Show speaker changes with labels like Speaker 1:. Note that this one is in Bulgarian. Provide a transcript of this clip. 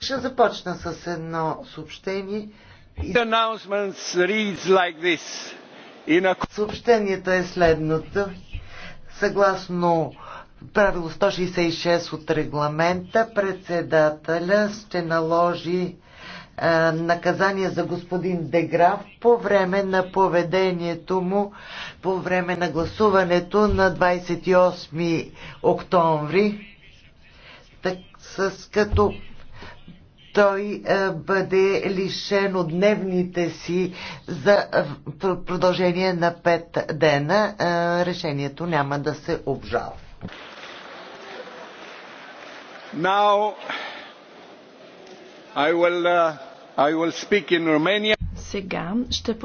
Speaker 1: Ще започна с едно съобщение. Съобщението е следното.
Speaker 2: Съгласно правило 166 от регламента, председателя ще наложи наказание за господин Деграф по време на поведението му по време на гласуването на 28 октомври так, с като той а, е, бъде лишен от дневните си за а, е, продължение на пет дена. А, е, решението няма да се обжалва.
Speaker 3: Now
Speaker 4: I will, uh, I will speak in Romania. Сега ще